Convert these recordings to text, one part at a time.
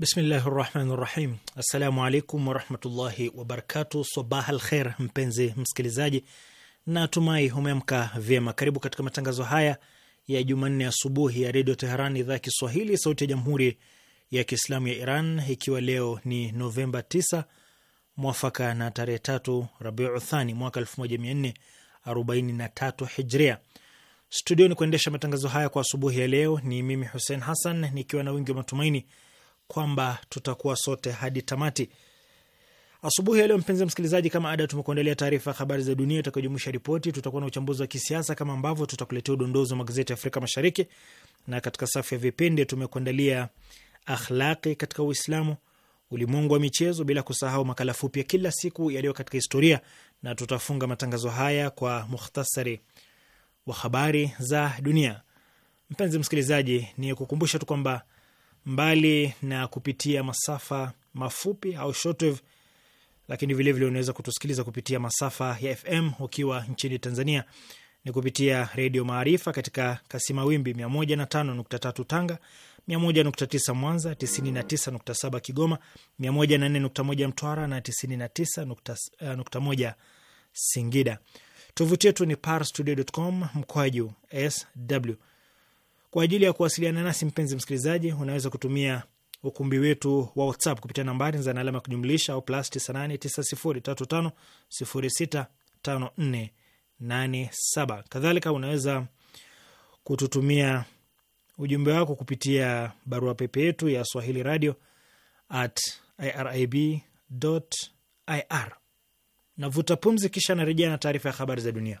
Bismillahi rahmani rahim. Assalamu alaikum warahmatullahi wabarakatu. Sabah al kher, mpenzi msikilizaji, na tumai umeamka vyema. Karibu katika matangazo haya ya Jumanne asubuhi ya Redio Teheran, idhaa ya Kiswahili, sauti ya Jamhuri ya Kiislamu ya Iran, ikiwa leo ni Novemba 9 mwafaka na tarehe tatu Rabiuthani mwaka 1443 Hijria. Studioni kuendesha matangazo haya kwa asubuhi ya leo ni mimi Hussein Hassan, nikiwa na wingi wa matumaini kwamba tutakuwa sote hadi tamati. Asubuhi ya leo, mpenzi msikilizaji, kama ada, tumekuandalia taarifa ya habari za dunia itakayojumuisha ripoti, tutakuwa na uchambuzi wa kisiasa kama ambavyo tutakuletea udondozi wa magazeti ya Afrika Mashariki, na katika safu ya vipindi tumekuandalia akhlaqi katika Uislamu, ulimwengu wa michezo, bila kusahau makala fupi ya kila siku yaliyo katika historia, na tutafunga matangazo haya kwa mukhtasari wa habari za dunia. Mpenzi msikilizaji, ni kukumbusha tu kwamba mbali na kupitia masafa mafupi au shortwave, lakini vilevile unaweza kutusikiliza kupitia masafa ya FM ukiwa nchini Tanzania ni kupitia Redio Maarifa katika kasi mawimbi 105.3 Tanga, 101.9 Mwanza, 99.7 Kigoma, 104.1 Mtwara na 99.1 uh, Singida. Tovuti yetu ni parstoday.com mkwaju sw kwa ajili ya kuwasiliana nasi, mpenzi msikilizaji, unaweza kutumia ukumbi wetu wa WhatsApp kupitia nambari za alama ya kujumlisha au plus 989035065487. Kadhalika unaweza kututumia ujumbe wako kupitia barua pepe yetu ya Swahili radio at irib ir. Navuta pumzi, kisha narejea na taarifa ya habari za dunia.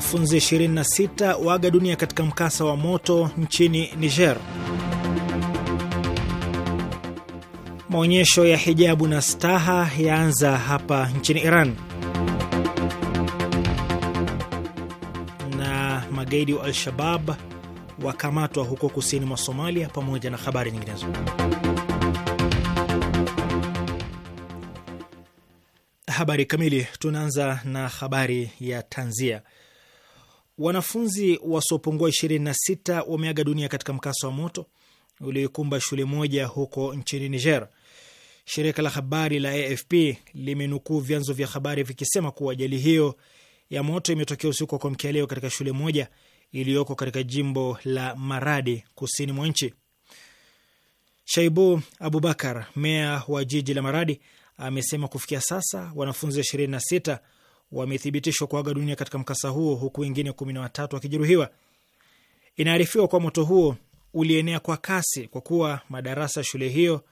Wanafunzi 26 waaga dunia katika mkasa wa moto nchini Niger. Maonyesho ya hijabu na staha yaanza hapa nchini Iran. Na magaidi wa Al-Shabab wakamatwa huko kusini mwa Somalia, pamoja na habari nyinginezo. Habari kamili. Tunaanza na habari ya tanzia. Wanafunzi wasiopungua 26 wameaga dunia katika mkasa wa moto ulioikumba shule moja huko nchini Niger. Shirika la habari la AFP limenukuu vyanzo vya habari vikisema kuwa ajali hiyo ya moto imetokea usiku wa kuamkia leo katika shule moja iliyoko katika jimbo la Maradi, kusini mwa nchi. Shaibu Abubakar, meya wa jiji la Maradi, amesema kufikia sasa wanafunzi wa sita wamethibitishwa kuaga dunia katika mkasa huo huku wengine kumi na watatu wakijeruhiwa. Inaarifiwa kwa moto huo ulienea kwa kasi kwa kuwa madarasa ya shule hiyo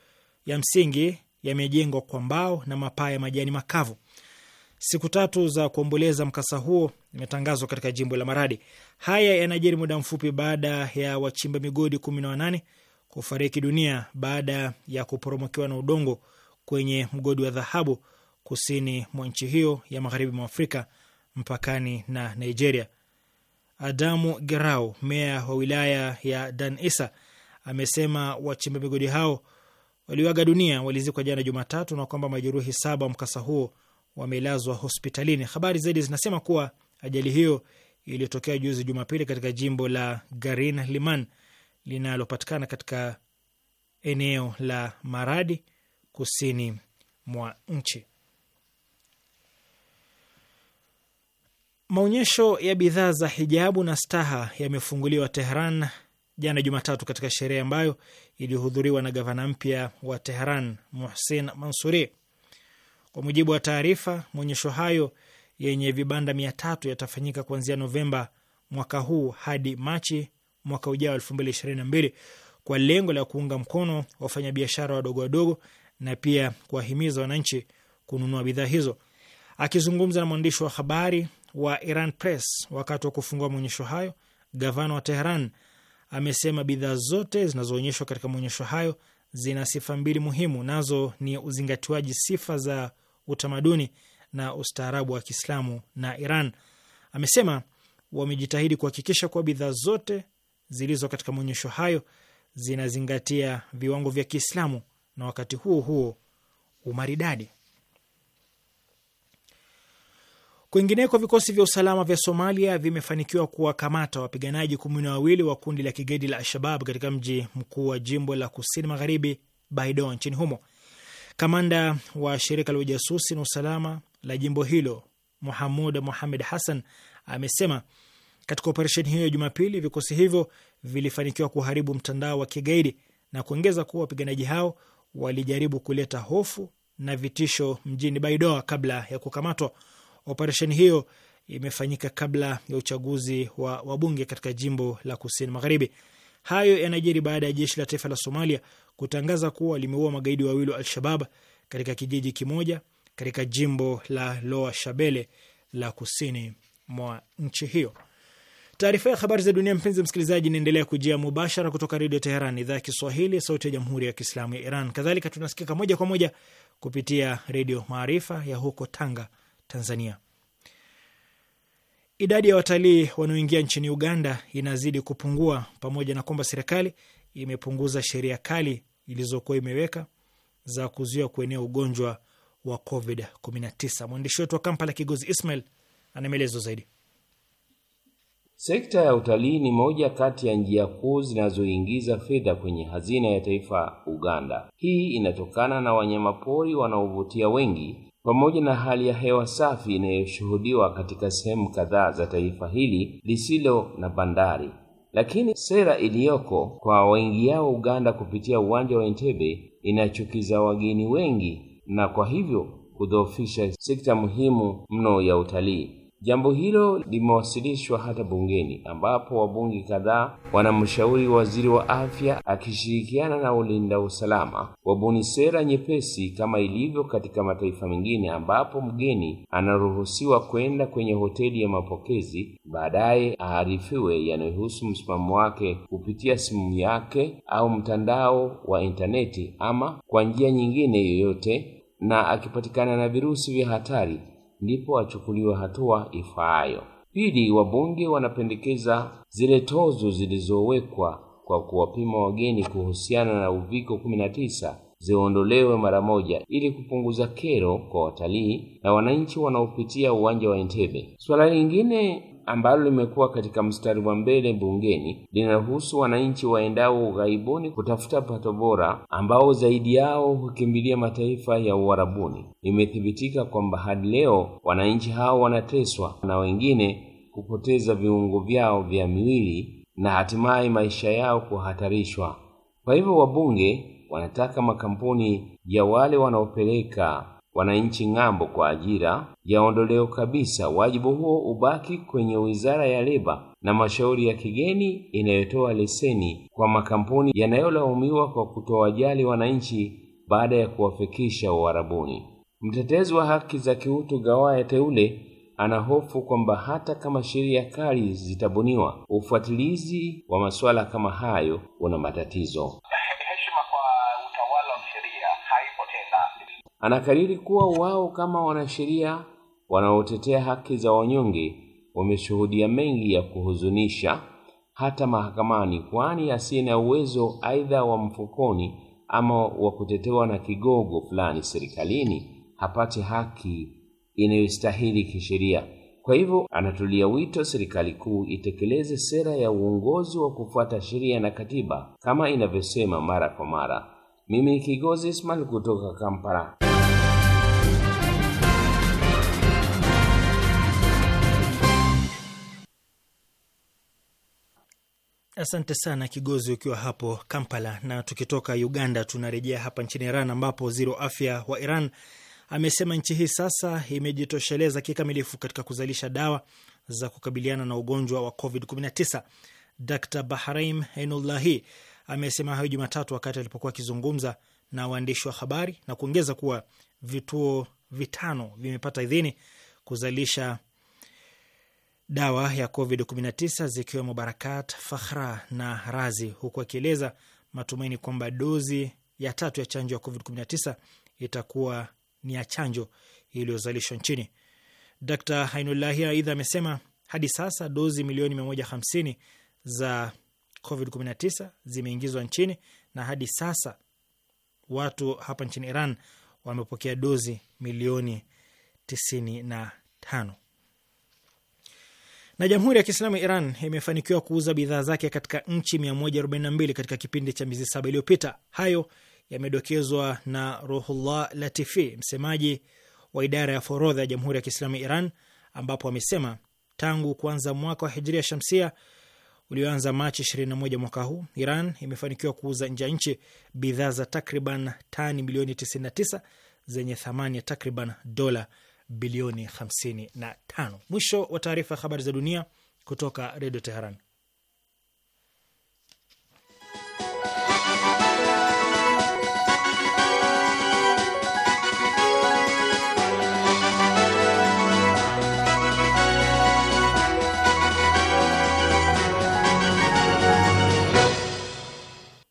ya msingi yamejengwa kwa mbao na mapaa ya majani makavu. Siku tatu za kuomboleza mkasa huo imetangazwa katika jimbo la Maradi. Haya yanajiri muda mfupi baada ya wachimba migodi kumi na wanane kufariki dunia baada ya kuporomokiwa na udongo kwenye mgodi wa dhahabu kusini mwa nchi hiyo ya magharibi mwa Afrika mpakani na Nigeria. Adamu Gerau, meya wa wilaya ya Dan Isa, amesema wachimba migodi hao walioaga dunia walizikwa jana Jumatatu na kwamba majeruhi saba wa mkasa huo wamelazwa hospitalini. Habari zaidi zinasema kuwa ajali hiyo iliyotokea juzi Jumapili katika jimbo la Garin Liman linalopatikana katika eneo la Maradi kusini mwa nchi. Maonyesho ya bidhaa za hijabu na staha yamefunguliwa Tehran jana Jumatatu, katika sherehe ambayo ilihudhuriwa na gavana mpya wa Tehran Muhsin Mansuri. Kwa mujibu wa taarifa, maonyesho hayo yenye vibanda mia tatu yatafanyika kuanzia Novemba mwaka huu hadi Machi mwaka ujao elfu mbili ishirini na mbili kwa lengo la kuunga mkono wafanyabiashara wadogo wadogo na pia kuwahimiza wananchi kununua bidhaa hizo. Akizungumza na mwandishi wa habari wa Iran Press wakati wa kufungua maonyesho hayo, gavana wa Tehran amesema bidhaa zote zinazoonyeshwa katika maonyesho hayo zina sifa mbili muhimu, nazo ni uzingatiwaji sifa za utamaduni na ustaarabu wa Kiislamu na Iran. Amesema wamejitahidi kuhakikisha kuwa bidhaa zote zilizo katika maonyesho hayo zinazingatia viwango vya Kiislamu na wakati huo huo umaridadi. Kwingineko, vikosi vya usalama vya Somalia vimefanikiwa kuwakamata wapiganaji kumi na wawili wa kundi la kigaidi la Alshabab katika mji mkuu wa jimbo la kusini magharibi Baidoa nchini humo. Kamanda wa shirika la ujasusi na usalama la jimbo hilo Muhamud Muhamed Hassan amesema katika operesheni hiyo ya Jumapili vikosi hivyo vilifanikiwa kuharibu mtandao wa kigaidi na kuongeza kuwa wapiganaji hao walijaribu kuleta hofu na vitisho mjini Baidoa kabla ya kukamatwa. Operesheni hiyo imefanyika kabla ya uchaguzi wa wabunge katika jimbo la kusini magharibi. Hayo yanajiri baada ya jeshi la taifa la Somalia kutangaza kuwa limeua magaidi wawili wa Al-Shabab katika kijiji kimoja katika jimbo la Loa Shabele la kusini mwa nchi hiyo. Taarifa ya habari za dunia, mpenzi msikilizaji, inaendelea kujia mubashara kutoka Redio Teheran, idhaa ya Kiswahili, sauti ya jamhuri ya kiislamu ya Iran. Kadhalika tunasikika moja kwa moja kupitia Redio Maarifa ya huko Tanga, Tanzania. Idadi ya watalii wanaoingia nchini Uganda inazidi kupungua, pamoja na kwamba serikali imepunguza sheria kali ilizokuwa imeweka za kuzuia kuenea ugonjwa wa COVID-19. Mwandishi wetu wa Kampala, Kigozi Ismail, ana maelezo zaidi. Sekta ya utalii ni moja kati ya njia kuu zinazoingiza fedha kwenye hazina ya taifa Uganda. Hii inatokana na wanyamapori wanaovutia wengi pamoja na hali ya hewa safi inayoshuhudiwa katika sehemu kadhaa za taifa hili lisilo na bandari, lakini sera iliyoko kwa waingiao Uganda kupitia uwanja wa Entebbe inachukiza wageni wengi na kwa hivyo kudhoofisha sekta muhimu mno ya utalii. Jambo hilo limewasilishwa hata bungeni ambapo wabunge kadhaa wanamshauri waziri wa afya akishirikiana na ulinda usalama wabuni sera nyepesi kama ilivyo katika mataifa mengine ambapo mgeni anaruhusiwa kwenda kwenye hoteli ya mapokezi, baadaye aarifiwe yanayohusu msimamo wake kupitia simu yake au mtandao wa intaneti ama kwa njia nyingine yoyote, na akipatikana na virusi vya hatari ndipo achukuliwe hatua ifaayo. Pili, wabunge wanapendekeza zile tozo zilizowekwa kwa kuwapima wageni kuhusiana na uviko 19 ziondolewe mara moja ili kupunguza kero kwa watalii na wananchi wanaopitia uwanja wa Entebbe. Suala lingine ambalo limekuwa katika mstari wa mbele bungeni linahusu wananchi waendao ughaibuni kutafuta pato bora, ambao zaidi yao hukimbilia mataifa ya Uarabuni. Imethibitika kwamba hadi leo wananchi hao wanateswa na wengine kupoteza viungo vyao vya miwili na hatimaye maisha yao kuhatarishwa. Kwa hivyo wabunge wanataka makampuni ya wale wanaopeleka wananchi ng'ambo kwa ajira yaondolewe kabisa, wajibu huo ubaki kwenye Wizara ya Leba na mashauri ya kigeni inayotoa leseni kwa makampuni yanayolaumiwa kwa kutowajali wananchi baada ya kuwafikisha Uarabuni. Mtetezi wa haki za kiutu Gawaye Teule anahofu kwamba hata kama sheria kali zitabuniwa, ufuatilizi wa masuala kama hayo una matatizo. Anakariri kuwa wao kama wanasheria wanaotetea haki za wanyonge wameshuhudia mengi ya kuhuzunisha hata mahakamani, kwani asiye na uwezo aidha wa mfukoni ama wa kutetewa na kigogo fulani serikalini hapati haki inayostahili kisheria. Kwa hivyo anatulia wito serikali kuu itekeleze sera ya uongozi wa kufuata sheria na katiba kama inavyosema mara kwa mara. Mimi Kigozi Ismail kutoka Kampala. Asante sana Kigozi, ukiwa hapo Kampala. Na tukitoka Uganda tunarejea hapa nchini Iran, ambapo waziri wa afya wa Iran amesema nchi hii sasa imejitosheleza kikamilifu katika kuzalisha dawa za kukabiliana na ugonjwa wa COVID-19. Dr Bahraim einullahi amesema hayo Jumatatu wakati alipokuwa akizungumza na waandishi wa habari na kuongeza kuwa vituo vitano vimepata idhini kuzalisha dawa ya COVID-19 zikiwemo Barakat, Fakhra na Razi, huku akieleza matumaini kwamba dozi ya tatu ya chanjo ya COVID-19 itakuwa ni ya chanjo iliyozalishwa nchini. Dr Hainullahi aidha amesema hadi sasa dozi milioni 150 za COVID-19 zimeingizwa nchini na hadi sasa watu hapa nchini Iran wamepokea dozi milioni 95. Na Jamhuri ya Kiislamu ya Iran imefanikiwa kuuza bidhaa zake katika nchi 142 katika kipindi cha miezi saba iliyopita. Hayo yamedokezwa na Ruhullah Latifi, msemaji wa idara ya forodha ya Jamhuri ya Kiislamu ya Iran, ambapo amesema tangu kuanza mwaka wa Hijria Shamsia ulioanza Machi 21 mwaka huu, Iran imefanikiwa kuuza nje ya nchi bidhaa za takriban tani milioni 99 zenye thamani ya takriban dola bilioni 55. Mwisho wa taarifa ya habari za dunia kutoka Redio Teheran.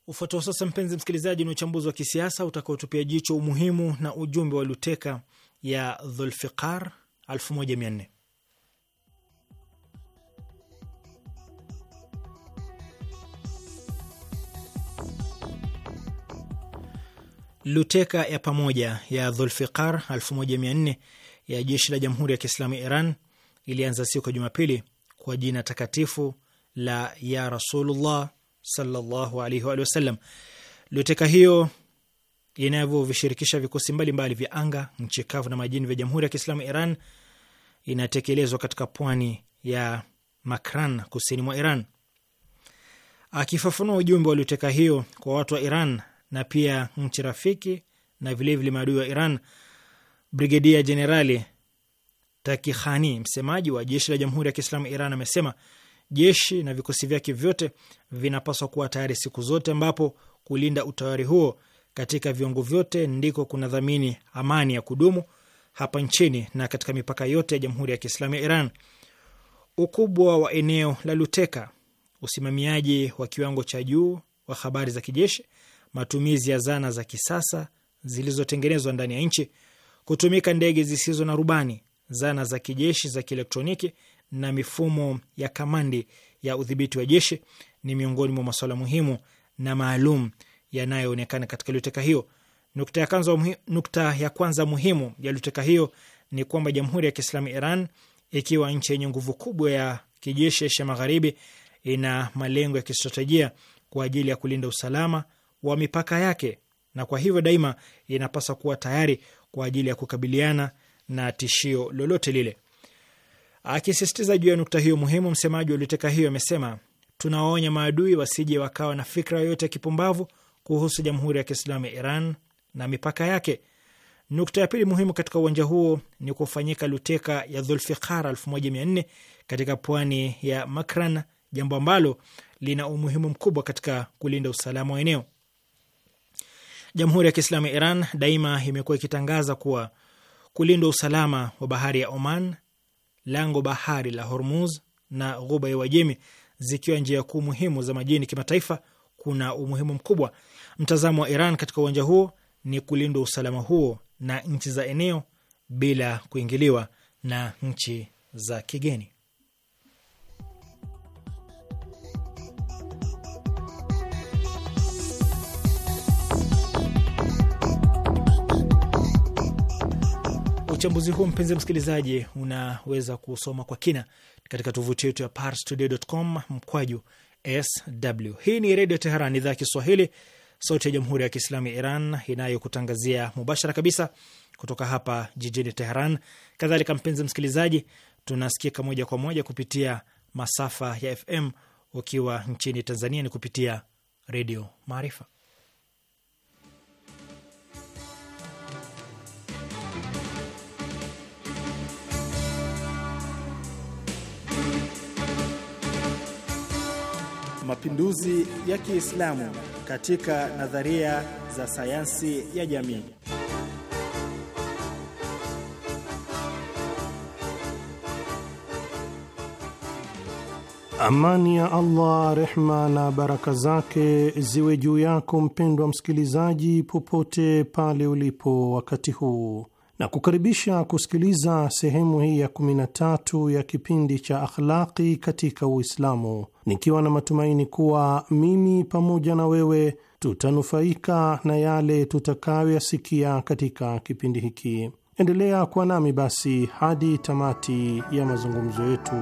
Ufuatao sasa, mpenzi msikilizaji, ni uchambuzi wa kisiasa utakaotupia jicho umuhimu na ujumbe wa luteka ya Dhulfiqar 1400. Luteka ya pamoja ya Dhulfiqar 1400 ya jeshi la Jamhuri ya Kiislamu ya Iran ilianza siku ya Jumapili kwa jina takatifu la ya Rasulullah sallallahu alaihi wa sallam. Luteka hiyo inavyovishirikisha vikosi mbalimbali vya anga, nchi kavu na majini vya Jamhuri ya Kiislamu Iran inatekelezwa katika pwani ya Makran kusini mwa Iran. Akifafanua ujumbe walioteka hiyo kwa watu wa Iran na pia nchi rafiki na vilevile maadui wa Iran, Brigedia Jenerali Takihani, msemaji wa jeshi la Jamhuri ya Kiislamu Iran, amesema jeshi na vikosi vyake vyote vinapaswa kuwa tayari siku zote, ambapo kulinda utayari huo katika viwango vyote ndiko kuna dhamini amani ya kudumu hapa nchini na katika mipaka yote ya Jamhuri ya Kiislamu ya Iran. Ukubwa wa eneo la Luteka, usimamiaji wa kiwango cha juu wa habari za kijeshi, matumizi ya zana za kisasa zilizotengenezwa ndani ya nchi, kutumika ndege zisizo na rubani, zana za kijeshi za kielektroniki na mifumo ya kamandi ya udhibiti wa jeshi ni miongoni mwa masuala muhimu na maalum yanayoonekana katika luteka hiyo. Nukta ya kwanza, nukta ya kwanza muhimu ya luteka hiyo ni kwamba Jamhuri ya Kiislamu Iran, ikiwa nchi yenye nguvu kubwa ya kijeshi Asia Magharibi, ina malengo ya kistratejia kwa ajili ya kulinda usalama wa mipaka yake, na kwa hivyo daima inapaswa kuwa tayari kwa ajili ya kukabiliana na tishio lolote lile. Akisisitiza juu ya nukta hiyo muhimu, msemaji wa luteka hiyo amesema, tunawaonya maadui wasije wakawa na fikra yoyote ya kipumbavu kuhusu Jamhuri ya Kiislamu ya Iran na mipaka yake. Nukta ya pili muhimu katika uwanja huo ni kufanyika luteka ya Dhulfikar 1400 katika pwani ya Makran, jambo ambalo lina umuhimu mkubwa katika kulinda usalama wa eneo. Jamhuri ya Kiislamu ya Iran daima imekuwa ikitangaza kuwa kulindwa usalama wa bahari ya Oman, lango bahari la Hormuz na ghuba ya Uajemi zikiwa njia kuu muhimu za majini kimataifa kuna umuhimu mkubwa Mtazamo wa Iran katika uwanja huo ni kulindwa usalama huo na nchi za eneo bila kuingiliwa na nchi za kigeni. Uchambuzi huu mpenzi msikilizaji, unaweza kusoma kwa kina katika tovuti yetu ya parstoday.com mkwaju sw. Hii ni Redio Teheran, idhaa ya Kiswahili, sauti ya jamhuri ya kiislamu ya Iran inayokutangazia mubashara kabisa kutoka hapa jijini Teheran. Kadhalika mpenzi msikilizaji, tunasikika moja kwa moja kupitia masafa ya FM. Ukiwa nchini Tanzania ni kupitia Redio Maarifa. Mapinduzi ya Kiislamu katika nadharia za sayansi ya jamii. Amani ya Allah, rehma na baraka zake ziwe juu yako mpendwa msikilizaji, popote pale ulipo wakati huu na kukaribisha kusikiliza sehemu hii ya 13 ya kipindi cha Akhlaqi katika Uislamu, nikiwa na matumaini kuwa mimi pamoja na wewe tutanufaika na yale tutakayoyasikia katika kipindi hiki. Endelea kuwa nami basi hadi tamati ya mazungumzo yetu.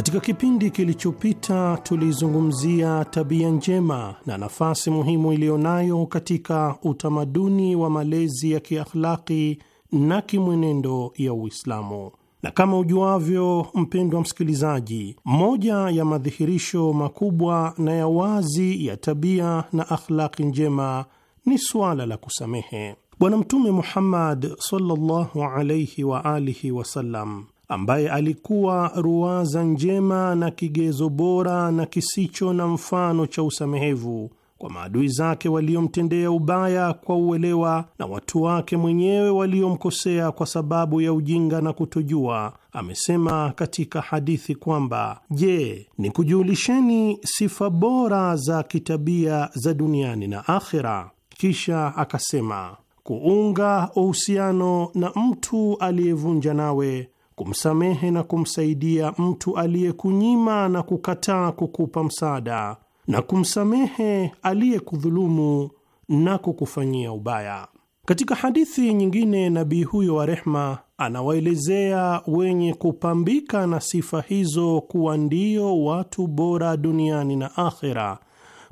Katika kipindi kilichopita tulizungumzia tabia njema na nafasi muhimu iliyonayo katika utamaduni wa malezi ya kiakhlaki na kimwenendo ya Uislamu. Na kama ujuavyo, mpendwa msikilizaji, moja ya madhihirisho makubwa na ya wazi ya tabia na akhlaki njema ni suala la kusamehe. Bwana Mtume Muhammad sallallahu alayhi wa alihi wasallam ambaye alikuwa ruwaza njema na kigezo bora na kisicho na mfano cha usamehevu kwa maadui zake waliomtendea ubaya kwa uelewa na watu wake mwenyewe waliomkosea kwa sababu ya ujinga na kutojua, amesema katika hadithi kwamba, je, nikujulisheni sifa bora za kitabia za duniani na akhera? Kisha akasema, kuunga uhusiano na mtu aliyevunja nawe kumsamehe na kumsaidia mtu aliyekunyima na kukataa kukupa msaada na kumsamehe aliyekudhulumu na kukufanyia ubaya. Katika hadithi nyingine, nabii huyo wa rehma anawaelezea wenye kupambika na sifa hizo kuwa ndio watu bora duniani na akhera,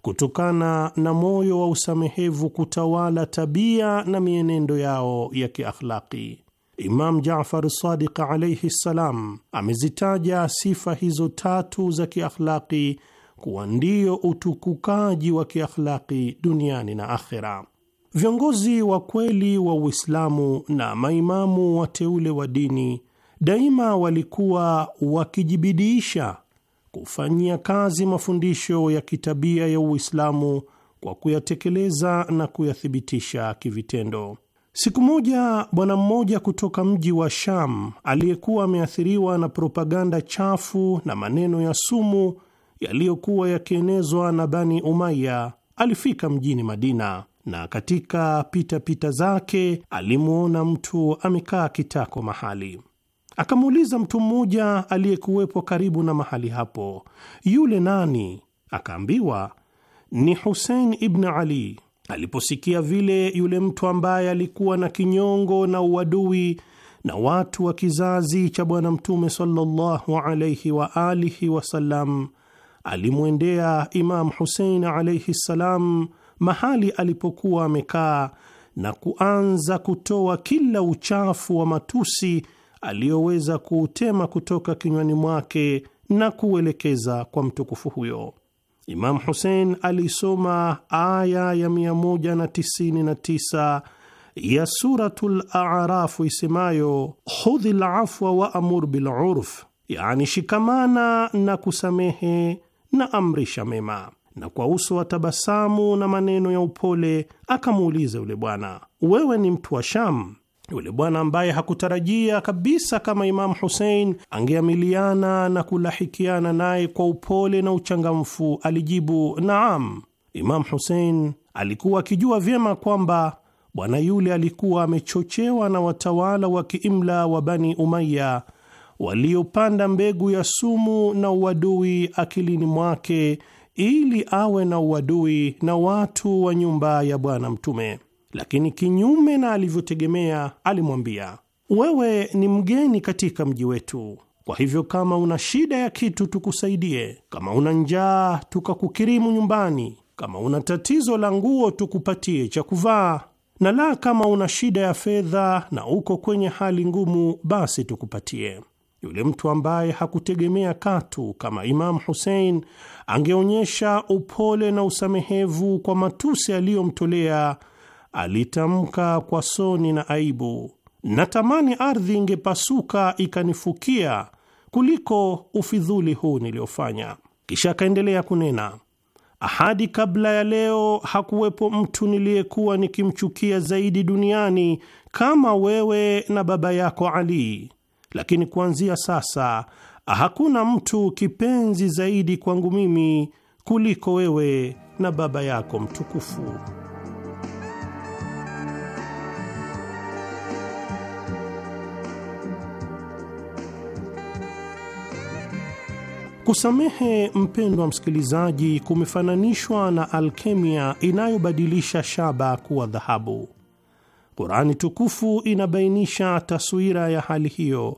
kutokana na moyo wa usamehevu kutawala tabia na mienendo yao ya kiakhlaki. Imam Jafar Sadiq alaihi ssalam amezitaja sifa hizo tatu za kiakhlaqi kuwa ndio utukukaji wa kiakhlaqi duniani na akhera. Viongozi wa kweli wa Uislamu na maimamu wateule wa dini daima walikuwa wakijibidiisha kufanyia kazi mafundisho ya kitabia ya Uislamu kwa kuyatekeleza na kuyathibitisha kivitendo. Siku moja bwana mmoja kutoka mji wa Sham aliyekuwa ameathiriwa na propaganda chafu na maneno ya sumu yaliyokuwa yakienezwa na Bani Umaya alifika mjini Madina, na katika pitapita pita zake alimwona mtu amekaa kitako mahali. Akamuuliza mtu mmoja aliyekuwepo karibu na mahali hapo, yule nani? Akaambiwa ni Husein ibn Ali Aliposikia vile, yule mtu ambaye alikuwa na kinyongo na uadui na watu wa kizazi cha Bwana Mtume sallallahu alaihi wa alihi wasallam alimwendea Imamu Husein alaihi ssalam mahali alipokuwa amekaa na kuanza kutoa kila uchafu wa matusi aliyoweza kuutema kutoka kinywani mwake na kuuelekeza kwa mtukufu huyo. Imam Husein alisoma aya ya 199 ya Suratul Arafu isemayo hudhi lafwa wa amur bilurf, yani shikamana na kusamehe na amrisha mema. Na kwa uso wa tabasamu na maneno ya upole akamuuliza yule bwana, wewe ni mtu wa Sham? Yule bwana ambaye hakutarajia kabisa kama Imamu Husein angeamiliana na kulahikiana naye kwa upole na uchangamfu, alijibu naam. Imamu Husein alikuwa akijua vyema kwamba bwana yule alikuwa amechochewa na watawala wa kiimla wa Bani Umaya waliopanda mbegu ya sumu na uadui akilini mwake ili awe na uadui na watu wa nyumba ya Bwana Mtume lakini kinyume na alivyotegemea, alimwambia, wewe ni mgeni katika mji wetu, kwa hivyo kama una shida ya kitu tukusaidie, kama una njaa tukakukirimu nyumbani, kama una tatizo la nguo tukupatie cha kuvaa, na la kama una shida ya fedha na uko kwenye hali ngumu, basi tukupatie. Yule mtu ambaye hakutegemea katu kama Imamu Husein angeonyesha upole na usamehevu kwa matusi aliyomtolea alitamka kwa soni na aibu, natamani ardhi ingepasuka ikanifukia kuliko ufidhuli huu niliofanya. Kisha akaendelea kunena, hadi kabla ya leo hakuwepo mtu niliyekuwa nikimchukia zaidi duniani kama wewe na baba yako Ali, lakini kuanzia sasa hakuna mtu kipenzi zaidi kwangu mimi kuliko wewe na baba yako mtukufu. Kusamehe, mpendwa msikilizaji, kumefananishwa na alkemia inayobadilisha shaba kuwa dhahabu. Kurani tukufu inabainisha taswira ya hali hiyo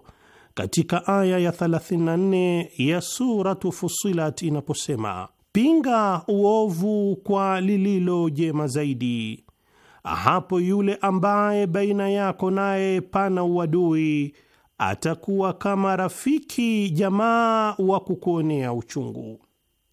katika aya ya 34 ya Suratu Fusilat inaposema, pinga uovu kwa lililo jema zaidi, hapo yule ambaye baina yako naye pana uadui atakuwa kama rafiki jamaa wa kukuonea uchungu.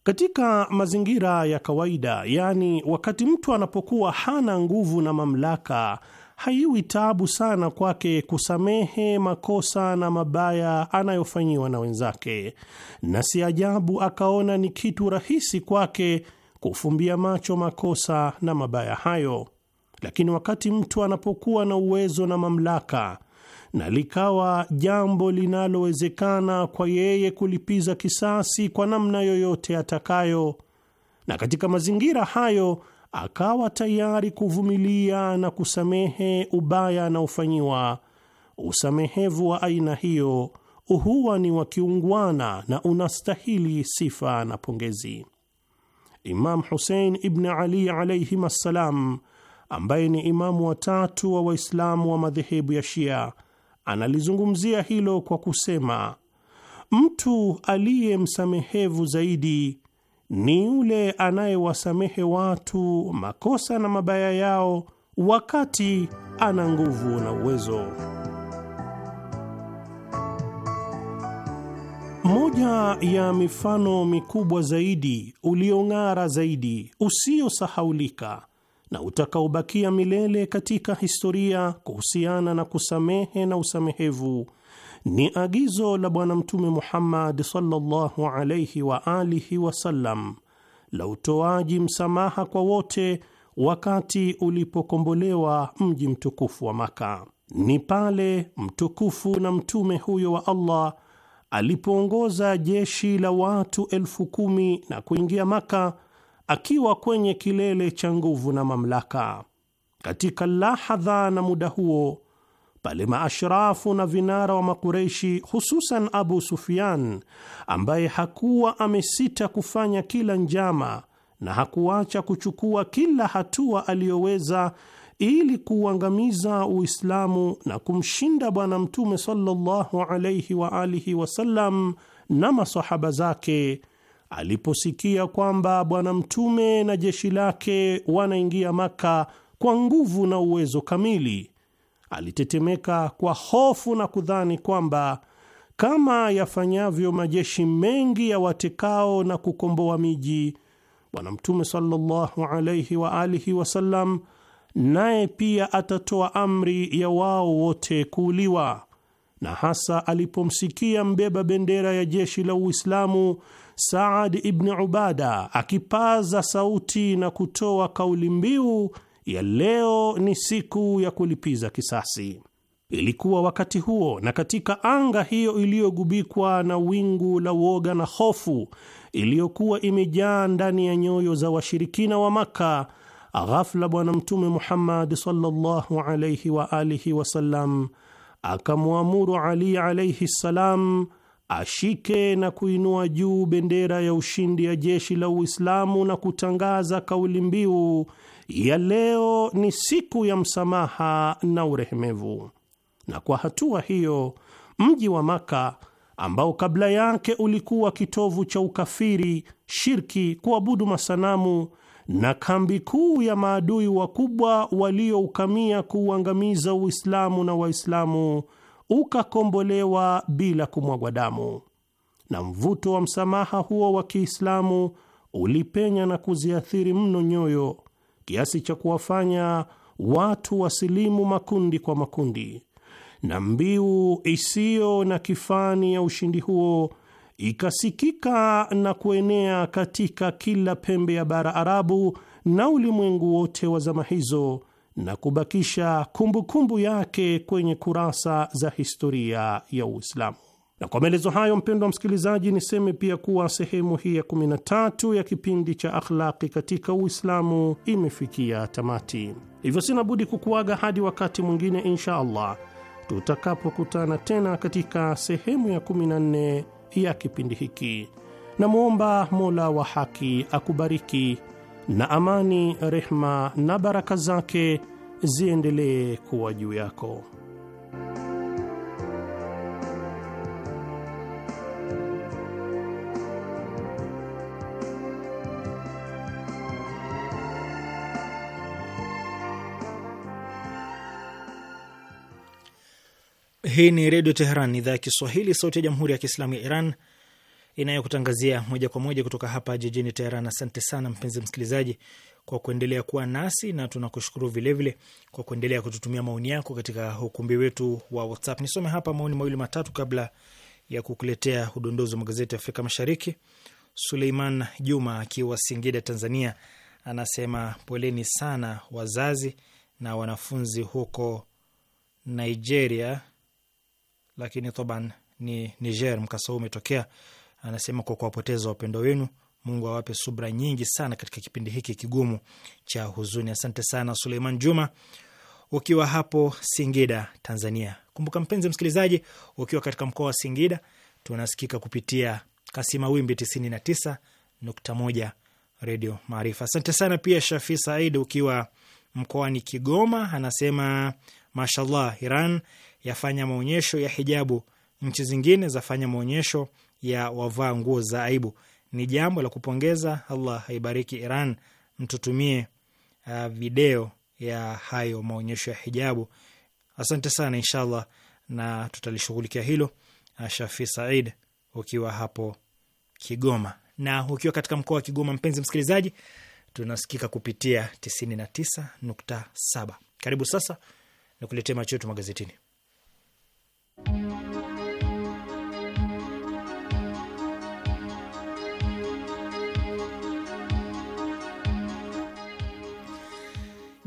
Katika mazingira ya kawaida, yaani wakati mtu anapokuwa hana nguvu na mamlaka, haiwi tabu sana kwake kusamehe makosa na mabaya anayofanyiwa na wenzake, na si ajabu akaona ni kitu rahisi kwake kufumbia macho makosa na mabaya hayo. Lakini wakati mtu anapokuwa na uwezo na mamlaka na likawa jambo linalowezekana kwa yeye kulipiza kisasi kwa namna yoyote atakayo, na katika mazingira hayo akawa tayari kuvumilia na kusamehe ubaya anaofanyiwa. Usamehevu wa aina hiyo huwa ni wa kiungwana na unastahili sifa na pongezi. Imam Husein Ibn Ali alayhim assalam, ambaye ni imamu watatu wa Waislamu wa madhehebu ya Shia Analizungumzia hilo kwa kusema, mtu aliye msamehevu zaidi ni yule anayewasamehe watu makosa na mabaya yao wakati ana nguvu na uwezo. Moja ya mifano mikubwa zaidi uliong'ara zaidi usiosahaulika na utakaobakia milele katika historia kuhusiana na kusamehe na usamehevu ni agizo la Bwana Mtume Muhammad sallallahu alayhi wa alihi wasallam la utoaji msamaha kwa wote wakati ulipokombolewa mji mtukufu wa Maka. Ni pale mtukufu na mtume huyo wa Allah alipoongoza jeshi la watu elfu kumi na kuingia Maka akiwa kwenye kilele cha nguvu na mamlaka. Katika lahadha na muda huo pale maashrafu na vinara wa Makureishi, hususan Abu Sufyan, ambaye hakuwa amesita kufanya kila njama na hakuacha kuchukua kila hatua aliyoweza ili kuuangamiza Uislamu na kumshinda Bwana Mtume sallallahu alaihi wa alihi wasallam na masahaba zake Aliposikia kwamba Bwana Mtume na jeshi lake wanaingia Maka kwa nguvu na uwezo kamili, alitetemeka kwa hofu na kudhani kwamba kama yafanyavyo majeshi mengi ya watekao na kukomboa wa miji, Bwana Mtume sallallahu wa alihi wasallam naye pia atatoa amri ya wao wote kuuliwa, na hasa alipomsikia mbeba bendera ya jeshi la Uislamu Saad ibn Ubada akipaza sauti na kutoa kauli mbiu ya leo ni siku ya kulipiza kisasi. Ilikuwa wakati huo, na katika anga hiyo iliyogubikwa na wingu la woga na hofu iliyokuwa imejaa ndani ya nyoyo za washirikina wa Maka, ghafla Bwana Mtume Muhammad sallallahu alayhi wa alihi wasallam akamwamuru Ali alaihi ssalam ashike na kuinua juu bendera ya ushindi ya jeshi la Uislamu na kutangaza kauli mbiu ya leo ni siku ya msamaha na urehemevu. Na kwa hatua hiyo, mji wa Maka ambao kabla yake ulikuwa kitovu cha ukafiri, shirki, kuabudu masanamu na kambi kuu ya maadui wakubwa walioukamia kuuangamiza Uislamu na Waislamu ukakombolewa bila kumwagwa damu, na mvuto wa msamaha huo wa Kiislamu ulipenya na kuziathiri mno nyoyo kiasi cha kuwafanya watu wasilimu makundi kwa makundi, na mbiu isiyo na kifani ya ushindi huo ikasikika na kuenea katika kila pembe ya bara Arabu na ulimwengu wote wa zama hizo na kubakisha kumbukumbu kumbu yake kwenye kurasa za historia ya Uislamu. Na kwa maelezo hayo, mpendo wa msikilizaji, niseme pia kuwa sehemu hii ya 13 ya kipindi cha Akhlaqi katika Uislamu imefikia tamati. Hivyo sina budi kukuaga hadi wakati mwingine insha Allah tutakapokutana tena katika sehemu ya 14 ya kipindi hiki. Namwomba Mola wa haki akubariki na amani, rehma na baraka zake ziendelee kuwa juu yako. Hii ni Redio Teheran, idhaa ya Kiswahili, sauti ya Jamhuri ya Kiislamu ya Iran inayokutangazia moja kwa moja kutoka hapa jijini Teheran. Asante sana mpenzi msikilizaji kwa kuendelea kuwa nasi na tunakushukuru vilevile kwa kuendelea kututumia maoni yako katika ukumbi wetu wa WhatsApp. Nisome hapa maoni mawili matatu kabla ya kukuletea udondozi wa magazeti ya Afrika Mashariki. Suleiman Juma akiwa Singida, Tanzania, anasema poleni sana wazazi na wanafunzi huko Nigeria, lakini toban ni Niger, mkasa huu umetokea anasema kwa kuwapoteza wapendo wenu, Mungu awape subra nyingi sana katika kipindi hiki kigumu cha huzuni. Asante sana Suleiman Juma ukiwa hapo Singida, Tanzania. Kumbuka mpenzi msikilizaji, ukiwa katika mkoa wa Singida tunasikika kupitia kasima wimbi 99.1 Redio Maarifa. Asante sana pia Shafi Said ukiwa mkoani Kigoma, anasema mashallah, Iran yafanya maonyesho ya hijabu, nchi zingine zafanya maonyesho ya wavaa nguo za aibu. Ni jambo la kupongeza. Allah haibariki Iran. Mtutumie uh, video ya hayo maonyesho ya hijabu. Asante sana, inshallah na tutalishughulikia hilo. Uh, Shafi Said, ukiwa hapo Kigoma na ukiwa katika mkoa wa Kigoma, mpenzi msikilizaji, tunasikika kupitia 99.7. Karibu sasa nikuletee macho yetu magazetini.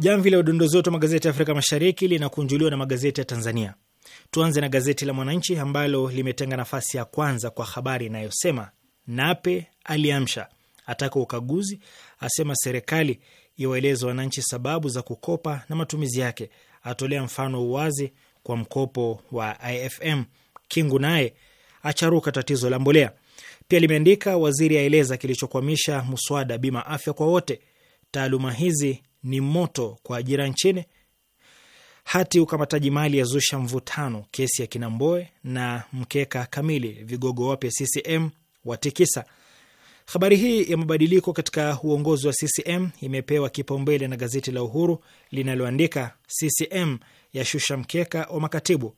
Jamvi la udondozi wetu wa magazeti ya Afrika Mashariki linakunjuliwa na magazeti ya Tanzania. Tuanze na gazeti la Mwananchi ambalo limetenga nafasi ya kwanza kwa habari inayosema Nape aliamsha ataka ukaguzi, asema serikali iwaeleze wananchi sababu za kukopa na matumizi yake, atolea mfano uwazi kwa mkopo wa IFM. Kingu naye acharuka tatizo la mbolea. Pia limeandika waziri aeleza kilichokwamisha mswada bima afya kwa wote. Taaluma hizi ni moto kwa ajira nchini. Hati ukamataji mali ya zusha mvutano kesi ya Kinamboe na mkeka kamili vigogo wapya CCM watikisa. Habari hii ya mabadiliko katika uongozi wa CCM imepewa kipaumbele na gazeti la Uhuru linaloandika CCM yashusha mkeka wa makatibu,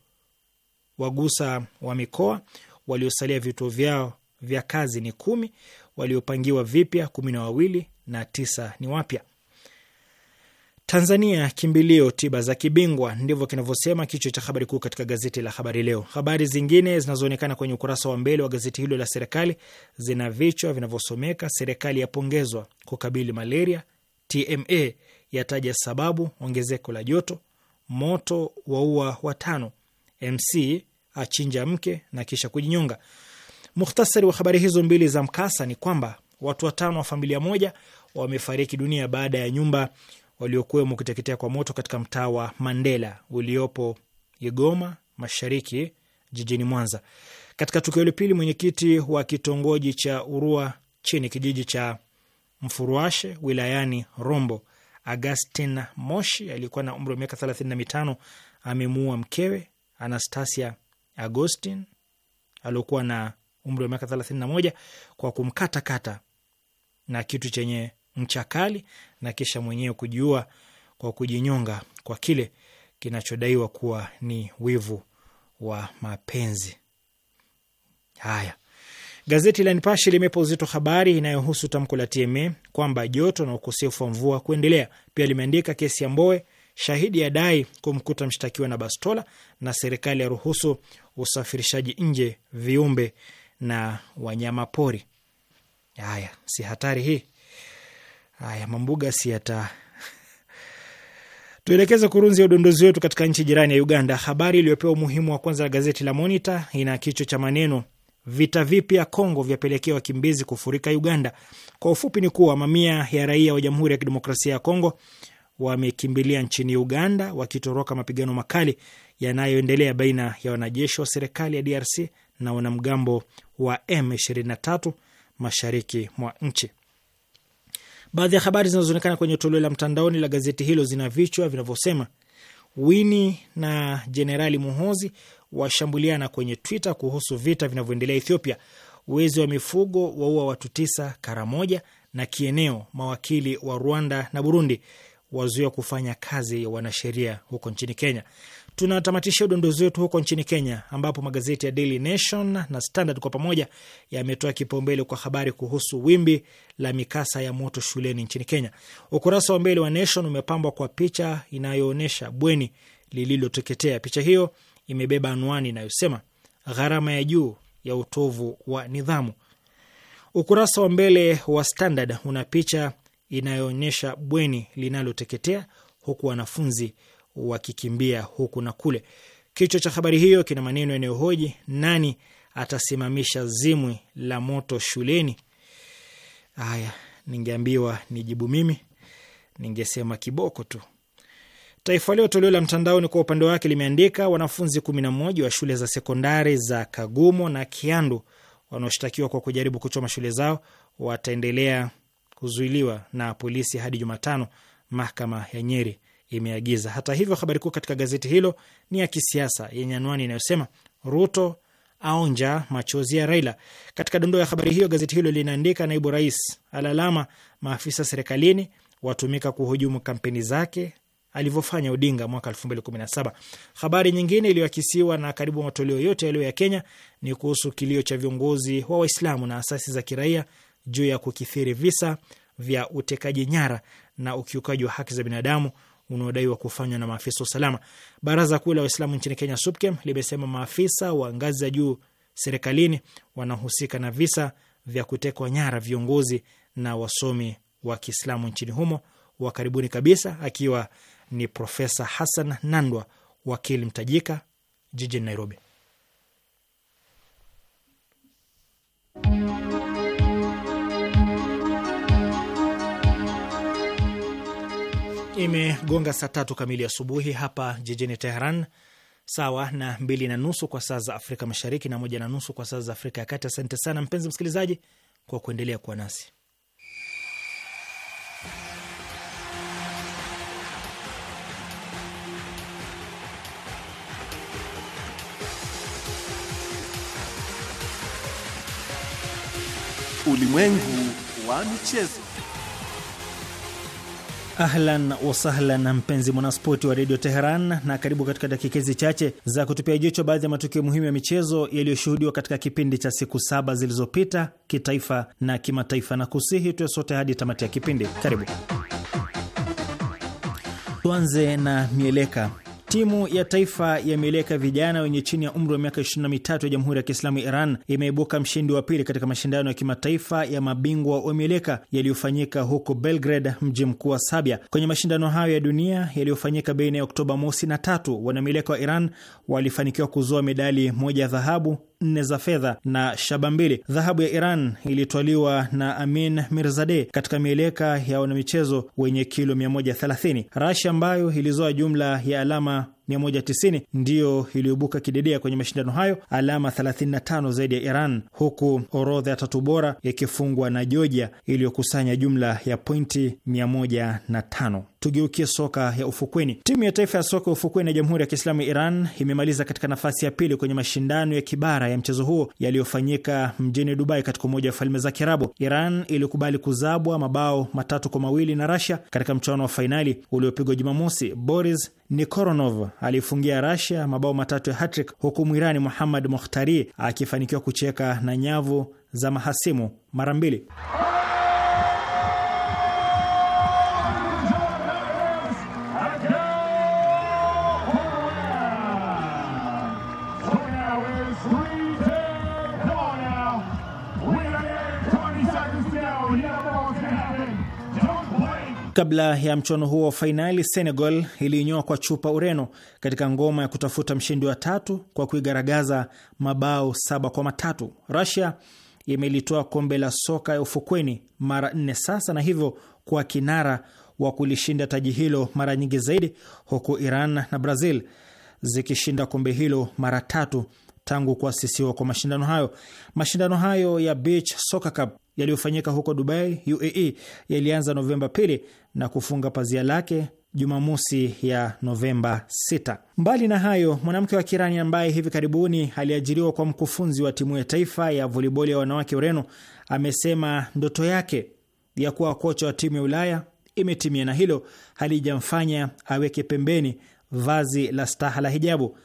wagusa wa mikoa, waliosalia vituo vyao vya kazi ni kumi, waliopangiwa vipya kumi na wawili na tisa ni wapya. Tanzania kimbilio tiba za kibingwa, ndivyo kinavyosema kichwa cha habari kuu katika gazeti la Habari Leo. Habari zingine zinazoonekana kwenye ukurasa wa mbele wa gazeti hilo la serikali zina vichwa vinavyosomeka: serikali yapongezwa kukabili malaria, TMA yataja sababu ongezeko la joto, moto waua watano, MC achinja mke na kisha kujinyonga. Mukhtasari wa habari hizo mbili za mkasa ni kwamba watu watano wa familia moja wamefariki dunia baada ya nyumba waliokuwemo kuteketea kwa moto katika mtaa wa Mandela uliopo Igoma mashariki jijini Mwanza. Katika tukio la pili, mwenyekiti wa kitongoji cha Urua chini kijiji cha Mfuruashe wilayani Rombo, agastin Moshi aliyekuwa na umri wa miaka thelathini na mitano amemuua mkewe Anastasia Agostin aliokuwa na umri wa miaka thelathini na moja kwa kumkatakata na kitu chenye ncha kali na kisha mwenyewe kujiua kwa kujinyonga kwa kile kinachodaiwa kuwa ni wivu wa mapenzi. Haya, gazeti la Nipashe limepa uzito habari inayohusu tamko la TMA kwamba joto na ukosefu wa mvua kuendelea. Pia limeandika kesi ya Mboe, shahidi adai kumkuta mshtakiwa na bastola, na serikali ya ruhusu usafirishaji nje viumbe na wanyama pori. Haya, si hatari hii? Haya, mambuga si ata tuelekeze kurunzi ya udondozi wetu katika nchi jirani ya Uganda. Habari iliyopewa umuhimu wa kwanza na gazeti la Monitor ina kichwa cha maneno vita vipya Kongo vyapelekea wakimbizi kufurika Uganda. Kwa ufupi ni kuwa mamia ya raia wa Jamhuri ya Kidemokrasia ya Kongo wamekimbilia nchini Uganda wakitoroka mapigano makali yanayoendelea baina ya wanajeshi wa serikali ya DRC na wanamgambo wa M23 mashariki mwa nchi. Baadhi ya habari zinazoonekana kwenye toleo la mtandaoni la gazeti hilo zina vichwa vinavyosema Wini na Jenerali Muhozi washambuliana kwenye Twitter kuhusu vita vinavyoendelea Ethiopia, wezi wa mifugo waua watu tisa Karamoja, na kieneo, mawakili wa Rwanda na Burundi wazuia kufanya kazi ya wanasheria huko nchini Kenya tunatamatisha udondozi wetu huko nchini Kenya, ambapo magazeti ya Daily Nation na Standard kwa pamoja yametoa kipaumbele kwa habari kuhusu wimbi la mikasa ya moto shuleni nchini Kenya. Ukurasa wa mbele wa Nation umepambwa kwa picha inayoonyesha bweni lililoteketea. Picha hiyo imebeba anwani inayosema gharama ya juu ya utovu wa nidhamu. Ukurasa wa mbele wa Standard una picha inayoonyesha bweni linaloteketea huku wanafunzi wakikimbia huku na kule. Kichwa cha habari hiyo kina maneno yanayohoji nani atasimamisha zimwi la moto shuleni. Haya, ningeambiwa nijibu mimi, ningesema kiboko tu. Taifa Leo toleo la mtandaoni kwa upande wake limeandika wanafunzi kumi na moja wa shule za sekondari za Kagumo na Kiandu wanaoshtakiwa kwa kujaribu kuchoma shule zao wataendelea kuzuiliwa na polisi hadi Jumatano, mahakama ya Nyeri imeagiza. Hata hivyo, habari kuu katika gazeti hilo ni ya kisiasa yenye anwani inayosema Ruto aonja machozi ya Raila. Katika dondoo ya habari hiyo, gazeti hilo linaandika naibu rais alalama maafisa serikalini watumika kuhujumu kampeni zake alivyofanya Odinga mwaka 2017. Habari nyingine iliyoakisiwa na karibu matoleo yote yaliyo ya Kenya ni kuhusu kilio cha viongozi wa Waislamu na asasi za kiraia juu ya kukithiri visa vya utekaji nyara na ukiukaji wa haki za binadamu unaodaiwa kufanywa na maafisa wa usalama. Baraza Kuu la Waislamu nchini Kenya, SUPKEM, limesema maafisa wa ngazi za juu serikalini wanahusika na visa vya kutekwa nyara viongozi na wasomi wa Kiislamu nchini humo, wa karibuni kabisa akiwa ni Profesa Hassan Nandwa, wakili mtajika jijini Nairobi. Imegonga saa tatu kamili asubuhi hapa jijini Teheran, sawa na mbili na nusu kwa saa za Afrika Mashariki na moja na nusu kwa saa za Afrika ya Kati. Asante sana mpenzi msikilizaji kwa kuendelea kuwa nasi. Ulimwengu wa michezo. Ahlan wasahlan, mpenzi mwanaspoti wa redio Teheran, na karibu katika dakika hizi chache za kutupia jicho baadhi ya matukio muhimu ya michezo yaliyoshuhudiwa katika kipindi cha siku saba zilizopita kitaifa na kimataifa, na kusihi tuwe sote hadi tamati ya kipindi. Karibu tuanze na mieleka. Timu ya taifa ya mieleka vijana wenye chini ya umri wa miaka 23 ya Jamhuri ya Kiislamu ya Iran imeibuka mshindi wa pili katika mashindano ya kimataifa ya mabingwa wa mieleka yaliyofanyika huko Belgrade, mji mkuu wa Sabia. Kwenye mashindano hayo ya dunia yaliyofanyika baina ya Oktoba mosi na tatu, wanamieleka wa Iran walifanikiwa kuzoa medali moja ya dhahabu nne za fedha na shaba mbili. Dhahabu ya Iran ilitwaliwa na Amin mirzade katika mieleka ya wanamichezo wenye kilo 130. Rasia ambayo ilizoa jumla ya alama 190 ndiyo iliyoibuka kidedea kwenye mashindano hayo, alama 35 zaidi ya Iran, huku orodha ya tatu bora ikifungwa na Georgia iliyokusanya jumla ya pointi 105. Tugeukie soka ya ufukweni. Timu ya taifa ya soka ya ufukweni ya Jamhuri ya Kiislamu ya Iran imemaliza katika nafasi ya pili kwenye mashindano ya kibara ya mchezo huo yaliyofanyika mjini Dubai katika Umoja wa Falme za Kiarabu. Iran ilikubali kuzabwa mabao matatu kwa mawili na Russia katika mchuano wa fainali uliopigwa Jumamosi. Boris Nikoronov alifungia Rasia mabao matatu ya hatrik huku mwirani Muhammad Mokhtari akifanikiwa kucheka na nyavu za mahasimu mara mbili. Kabla ya mchuano huo wa fainali, Senegal iliinyoa kwa chupa Ureno katika ngoma ya kutafuta mshindi wa tatu kwa kuigaragaza mabao saba kwa matatu. Rusia imelitoa kombe la soka ya ufukweni mara nne sasa na hivyo kuwa kinara wa kulishinda taji hilo mara nyingi zaidi, huku Iran na Brazil zikishinda kombe hilo mara tatu tangu kuasisiwa kwa mashindano hayo. Mashindano hayo ya Beach Soccer Cup yaliyofanyika huko Dubai, UAE, yalianza Novemba pili na kufunga pazia lake Jumamosi ya Novemba 6. Mbali na hayo, mwanamke wa Kirani ambaye hivi karibuni aliajiriwa kwa mkufunzi wa timu ya taifa ya voliboli ya wanawake Ureno amesema ndoto yake ya kuwa kocha wa timu ya Ulaya imetimia na hilo halijamfanya aweke pembeni vazi la staha la hijabu.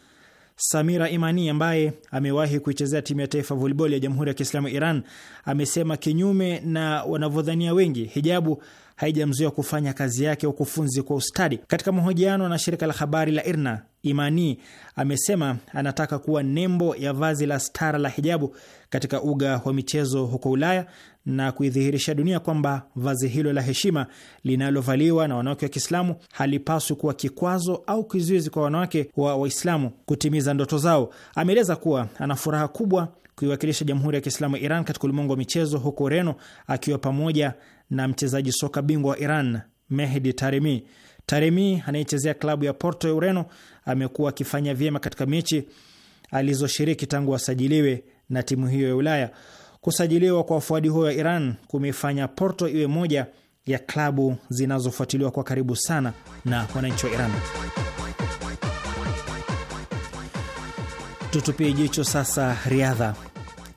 Samira Imani ambaye amewahi kuichezea timu ya taifa volleyball ya Jamhuri ya Kiislamu Iran amesema kinyume na wanavyodhania wengi, hijabu haijamzuia kufanya kazi yake ukufunzi kwa ustadi. Katika mahojiano na shirika la habari la IRNA, Imani amesema anataka kuwa nembo ya vazi la stara la hijabu katika uga wa michezo huko Ulaya na kuidhihirisha dunia kwamba vazi hilo la heshima linalovaliwa na wanawake wa Kiislamu halipaswi kuwa kikwazo au kizuizi kwa wanawake wa Waislamu kutimiza ndoto zao. Ameeleza kuwa ana furaha kubwa kuiwakilisha Jamhuri ya Kiislamu ya Iran katika ulimwengu wa michezo huko Ureno, akiwa pamoja na mchezaji soka bingwa wa Iran Mehdi Taremi. Taremi anayechezea klabu ya Porto ya Ureno amekuwa akifanya vyema katika mechi alizoshiriki tangu wasajiliwe na timu hiyo ya Ulaya. Kusajiliwa kwa wafuadi huyo wa Iran kumeifanya Porto iwe moja ya klabu zinazofuatiliwa kwa karibu sana na wananchi wa Iran. Tutupie jicho sasa riadha.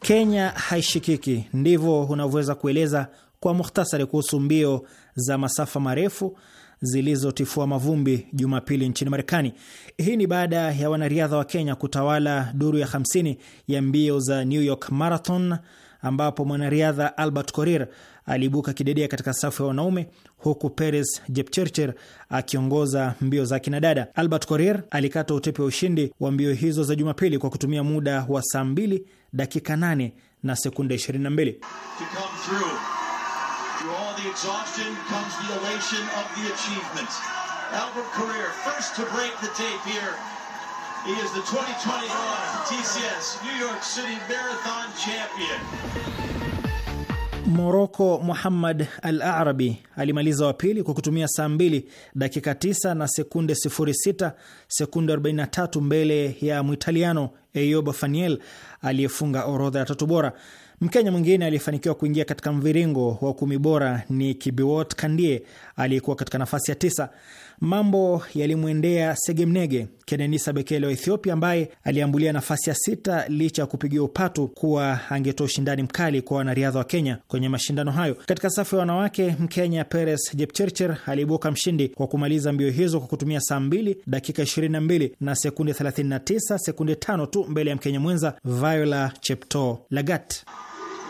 Kenya haishikiki, ndivyo unavyoweza kueleza kwa muhtasari kuhusu mbio za masafa marefu zilizotifua mavumbi Jumapili nchini Marekani. Hii ni baada ya wanariadha wa Kenya kutawala duru ya 50 ya mbio za New York Marathon, ambapo mwanariadha Albert Korir aliibuka kidedea katika safu ya wanaume huku Peres Jepchercher akiongoza mbio za kinadada. Albert Korir alikata utepe wa ushindi wa mbio hizo za Jumapili kwa kutumia muda wa saa 2 dakika 8 na sekunde 22. Through all the exhaustion comes the elation of the achievement. Albert Career, first to break the tape here. He is the 2021 TCS New York City Marathon Champion. Moroko Muhammad Al Arabi alimaliza wa pili kwa kutumia saa 2 dakika 9 na sekunde 06 sekunde 43 mbele ya Mwitaliano Eyobo Faniel aliyefunga orodha ya tatu bora. Mkenya mwingine aliyefanikiwa kuingia katika mviringo wa kumi bora ni Kibiwot Kandie aliyekuwa katika nafasi ya tisa. Mambo yalimwendea segemnege Kenenisa Bekele wa Ethiopia ambaye aliambulia nafasi ya sita licha ya kupigia upatu kuwa angetoa ushindani mkali kwa wanariadha wa Kenya kwenye mashindano hayo. Katika safu ya wanawake, Mkenya Peres Jepchirchir aliibuka mshindi kwa kumaliza mbio hizo kwa kutumia saa 2 dakika 22 na sekunde 39 sekunde tano tu mbele ya Mkenya mwenza Viola chepto Lagat.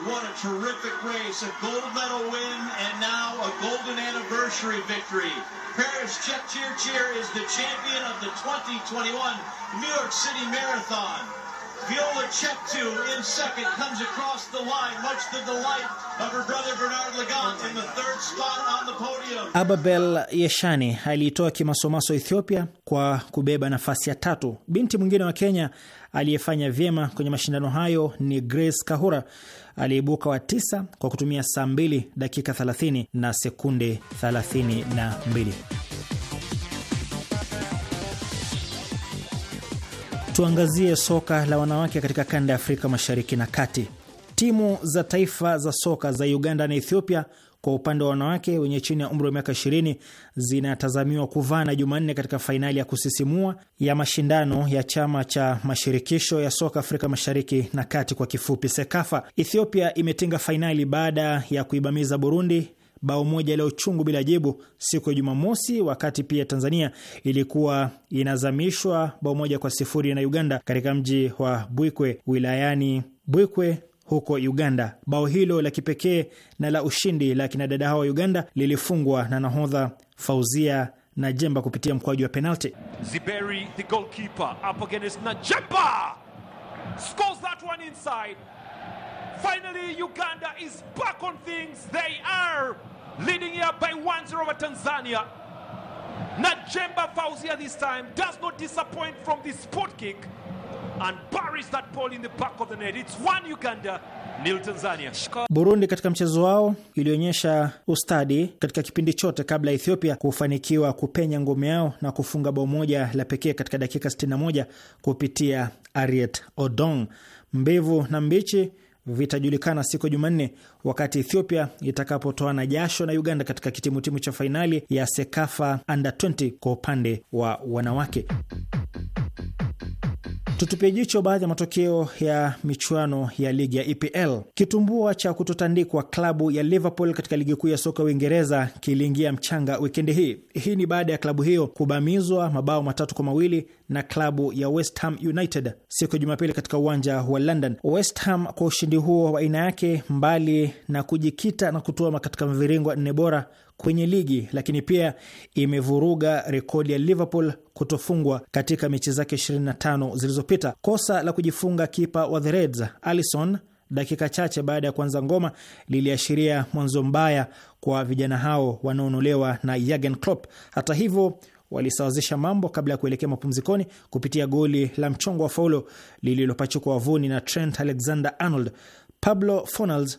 What a terrific race, a gold medal win, and now a golden anniversary victory. Paris Check Cheer Cheer is the champion of the 2021 New York City Marathon. Viola Cheptu in second comes across the line, much to the delight of her brother Bernard Lagat in the third spot on the podium. Ababel Yeshani aliitoa kimasomaso Ethiopia kwa kubeba nafasi ya tatu. Binti mwingine wa Kenya aliyefanya vyema kwenye mashindano hayo ni Grace Kahura aliibuka wa tisa kwa kutumia saa 2 dakika 30 na sekunde 32. Tuangazie soka la wanawake katika kanda ya Afrika Mashariki na Kati. Timu za taifa za soka za Uganda na Ethiopia kwa upande wa wanawake wenye chini ya umri wa miaka 20 zinatazamiwa kuvana Jumanne katika fainali ya kusisimua ya mashindano ya chama cha mashirikisho ya soka Afrika Mashariki na Kati, kwa kifupi SEKAFA. Ethiopia imetinga fainali baada ya kuibamiza Burundi bao moja la uchungu bila jibu siku ya Jumamosi, wakati pia Tanzania ilikuwa inazamishwa bao moja kwa sifuri na Uganda katika mji wa Bwikwe wilayani Bwikwe huko Uganda. Bao hilo la kipekee na la ushindi la kinadada hao wa Uganda lilifungwa na nahodha Fauzia na Jemba kupitia mkwaju wa penalti. Ziberi the goalkeeper up against Najemba scores that one inside. Finally Uganda is back on things. They are leading here by 1-0 over Tanzania. Najemba Fauzia this time does not disappoint from spot kick and buries that ball in the back of the net. It's one Uganda nil Tanzania. Burundi katika mchezo wao ilionyesha ustadi katika kipindi chote kabla ya Ethiopia kufanikiwa kupenya ngome yao na kufunga bao moja la pekee katika dakika 61 kupitia Ariet Odong. Mbivu na mbichi vitajulikana siku ya Jumanne wakati Ethiopia itakapotoa na jasho na Uganda katika kitimutimu cha fainali ya Sekafa Under 20 kwa upande wa wanawake. Tutupie jicho baadhi ya matokeo ya michuano ya ligi ya EPL. Kitumbua cha kutotandikwa klabu ya Liverpool katika ligi kuu ya soka Uingereza kiliingia mchanga wikendi hii. Hii ni baada ya klabu hiyo kubamizwa mabao matatu kwa mawili na klabu ya West Ham United siku ya Jumapili katika uwanja wa London. West Ham kwa ushindi huo wa aina yake, mbali na kujikita na kutuama katika mviringo nne bora kwenye ligi, lakini pia imevuruga rekodi ya Liverpool kutofungwa katika mechi zake 25 zilizopita. Kosa la kujifunga kipa wa the Reds Alisson dakika chache baada ya kuanza ngoma liliashiria mwanzo mbaya kwa vijana hao wanaonolewa na Jurgen Klopp. Hata hivyo walisawazisha mambo kabla ya kuelekea mapumzikoni kupitia goli la mchongo wa faulo lililopachikwa wavuni na Trent Alexander Arnold. Pablo Fornals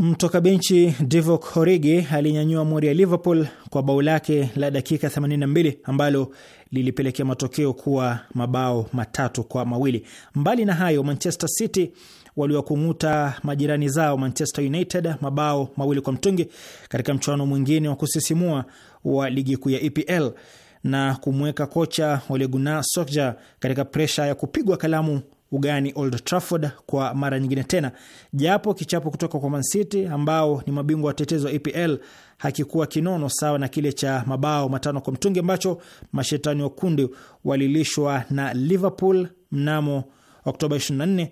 Mtoka benchi Divock Origi alinyanyua mori ya Liverpool kwa bao lake la dakika 82 ambalo lilipelekea matokeo kuwa mabao matatu kwa mawili. Mbali na hayo, Manchester City waliwakung'uta majirani zao Manchester United mabao mawili kwa mtungi katika mchuano mwingine wa kusisimua wa ligi kuu ya EPL na kumweka kocha Ole Gunnar Solskjaer katika presha ya kupigwa kalamu ugani Old Trafford kwa mara nyingine tena, japo kichapo kutoka kwa Man City ambao ni mabingwa watetezi wa EPL hakikuwa kinono sawa na kile cha mabao matano kwa mtungi ambacho mashetani wakundi walilishwa na Liverpool mnamo Oktoba 24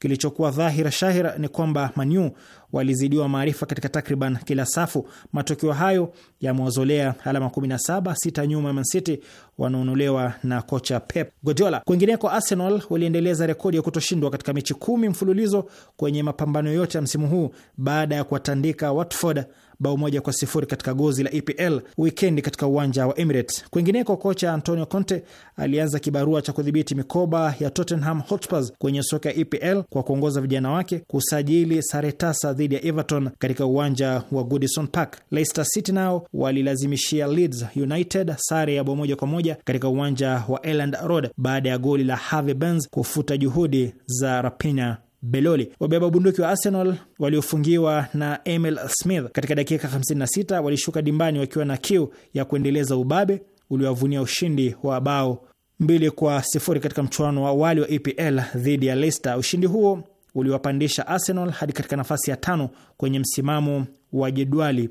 Kilichokuwa dhahira shahira ni kwamba Manyu walizidiwa maarifa katika takriban kila safu. Matokeo hayo yamewazolea alama 17, sita nyuma ya Mancity wanaonolewa na kocha Pep Guardiola. Kwingineko, Arsenal waliendeleza rekodi ya kutoshindwa katika mechi kumi mfululizo kwenye mapambano yote ya msimu huu baada ya kuwatandika Watford bao moja kwa sifuri katika gozi la EPL wikendi katika uwanja wa Emirates. Kwingineko, kocha Antonio Conte alianza kibarua cha kudhibiti mikoba ya Tottenham Hotspurs kwenye soka ya EPL kwa kuongoza vijana wake kusajili sare tasa dhidi ya Everton katika uwanja wa Goodison Park. Leicester City nao walilazimishia Leeds United sare ya bao moja kwa moja katika uwanja wa Elland Road baada ya goli la Harvey Barnes kufuta juhudi za Rapina Beloli. Wabeba bunduki wa Arsenal waliofungiwa na Emil Smith katika dakika 56 walishuka dimbani wakiwa na kiu ya kuendeleza ubabe uliowavunia ushindi wa bao mbili kwa sifuri katika mchuano wa awali wa EPL dhidi ya Leicester. Ushindi huo uliwapandisha Arsenal hadi katika nafasi ya tano kwenye msimamo wa jedwali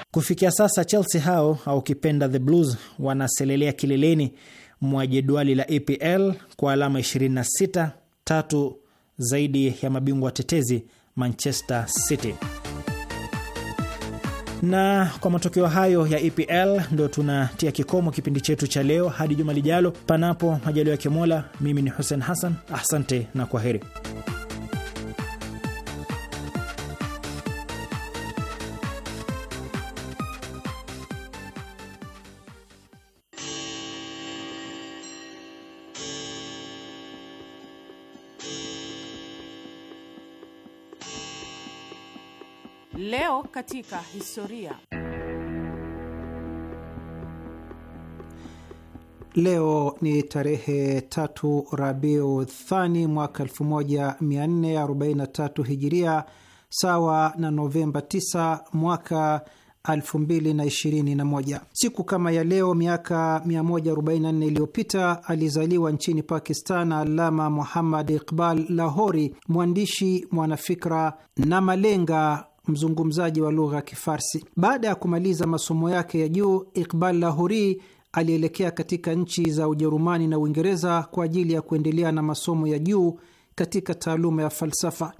Kufikia sasa Chelsea hao au kipenda the Blues wanaselelea kileleni mwa jedwali la EPL kwa alama 26, tatu zaidi ya mabingwa watetezi Manchester City. Na kwa matokeo hayo ya EPL ndo tunatia kikomo kipindi chetu cha leo, hadi juma lijalo, panapo majaliwa ya Mola. Mimi ni Hussein Hassan, asante na kwa heri. Leo katika historia. Leo ni tarehe tatu Rabiu Thani mwaka 1443 Hijiria, sawa na Novemba 9 mwaka 2021. Siku kama ya leo miaka 144 iliyopita alizaliwa nchini Pakistan Alama Muhammad Iqbal Lahori, mwandishi, mwanafikra na malenga mzungumzaji wa lugha ya Kifarsi. Baada ya kumaliza masomo yake ya juu, Iqbal Lahori alielekea katika nchi za Ujerumani na Uingereza kwa ajili ya kuendelea na masomo ya juu katika taaluma ya falsafa.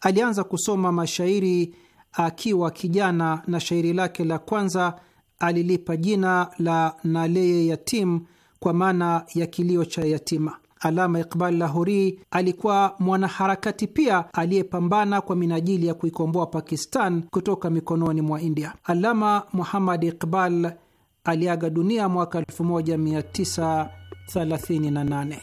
Alianza kusoma mashairi akiwa kijana, na shairi lake la kwanza alilipa jina la Naleye Yatim, kwa maana ya kilio cha yatima. Alama Iqbal Lahori alikuwa mwanaharakati pia aliyepambana kwa minajili ya kuikomboa Pakistan kutoka mikononi mwa India. Alama Muhammad Iqbal aliaga dunia mwaka 1938.